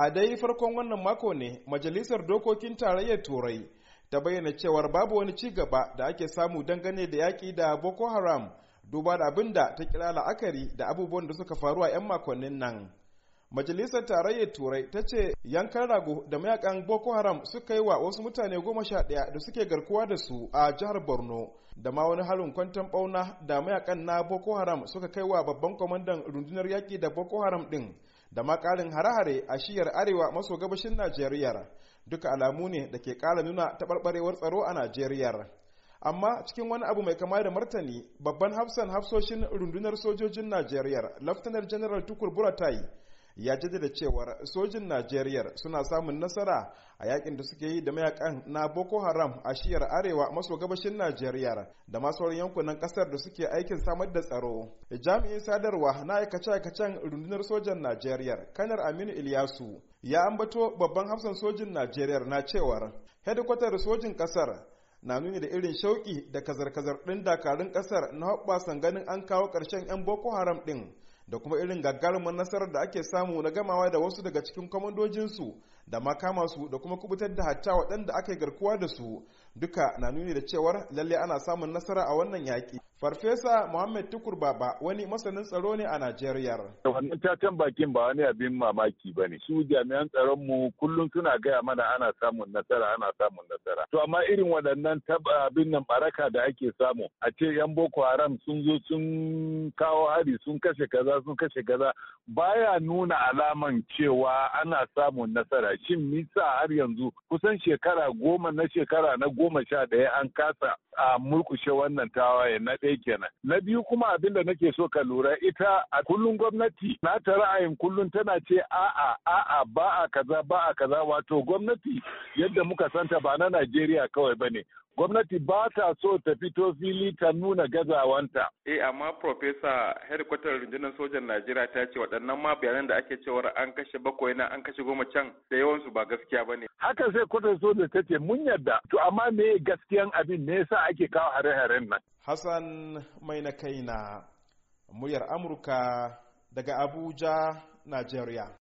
a dai farkon wannan mako ne majalisar dokokin tarayyar turai ta bayyana cewar babu wani ci gaba da ake samu dangane da yaƙi da boko haram duba da abin da ta kira la'akari da abubuwan da suka faru a 'yan makonnin nan majalisar tarayyar turai ta ce yankan rago da mayakan boko haram suka yi wa wasu mutane goma sha ɗaya da suke garkuwa da su a jihar borno da ma wani harin kwanton ɓauna da mayakan na boko haram suka kai wa babban kwamandan rundunar yaƙi da boko haram ɗin da ma ƙarin hare-hare a shiyar arewa maso gabashin Najeriya duka alamu ne da ke ƙara nuna taɓarɓarewar tsaro a Najeriya. Amma cikin wani abu mai kama da martani babban hafsan hafsoshin rundunar sojojin Najeriya Laftanar General Tukur Buratai ya da cewar sojin najeriya suna samun nasara a yakin da suke yi da mayakan na boko haram a shiyar arewa maso gabashin najeriya da masu yankunan kasar da suke aikin samar da tsaro jami'in sadarwa na aikace-aikacen rundunar sojan najeriya kanar aminu ilyasu ya ambato babban hafsan sojin najeriya na cewar hedikwatar sojin kasar na nuni da irin shauki da kazar-kazar ɗin dakarun ƙasar na hoɓɓasan ganin an kawo ƙarshen 'yan boko haram ɗin da kuma irin gagarumin nasarar da ake samu na gamawa da wasu daga cikin kwamandojinsu da makama su da kuma kubutar da hatta waɗanda aka yi garkuwa da su duka na nuni da cewar lalle ana samun nasara a wannan yaƙi. Farfesa Muhammad Tukur Baba wani masanin tsaro ne a Najeriya. Wannan tatan bakin ba wani abin mamaki ba ne. Su jami'an tsaron mu kullum suna gaya mana ana samun nasara ana samun nasara. To amma irin waɗannan taba abin nan baraka da ake samu a ce yan Boko Haram sun zo sun kawo hari sun kashe kaza sun kashe gaza baya nuna alaman cewa ana samun nasara shin misa har yanzu kusan shekara goma na shekara na goma sha ɗaya an kasa a murkushe wannan tawaye na ɗaya kenan na biyu kuma abin da nake so ka lura ita a kullum gwamnati na ta ra'ayin kullum tana ce a'a a'a ba a kaza ba a kaza wato gwamnati yadda muka santa ba na Najeriya kawai bane gwamnati ba ta so ta fito fili ta nuna gazawanta. Eh amma Profesa herikwatar rundunar sojan Najeriya ta ce waɗannan ma bayanan da ake cewar an kashe bakwai na an kashe goma can da yawansu ba gaskiya ba ne. Haka sai kwatar soja ta ce mun yarda to amma me gaskiyan abin ne yasa ake kawo hare-haren nan. Hassan mai na kai na muryar Amurka daga Abuja, Najeriya.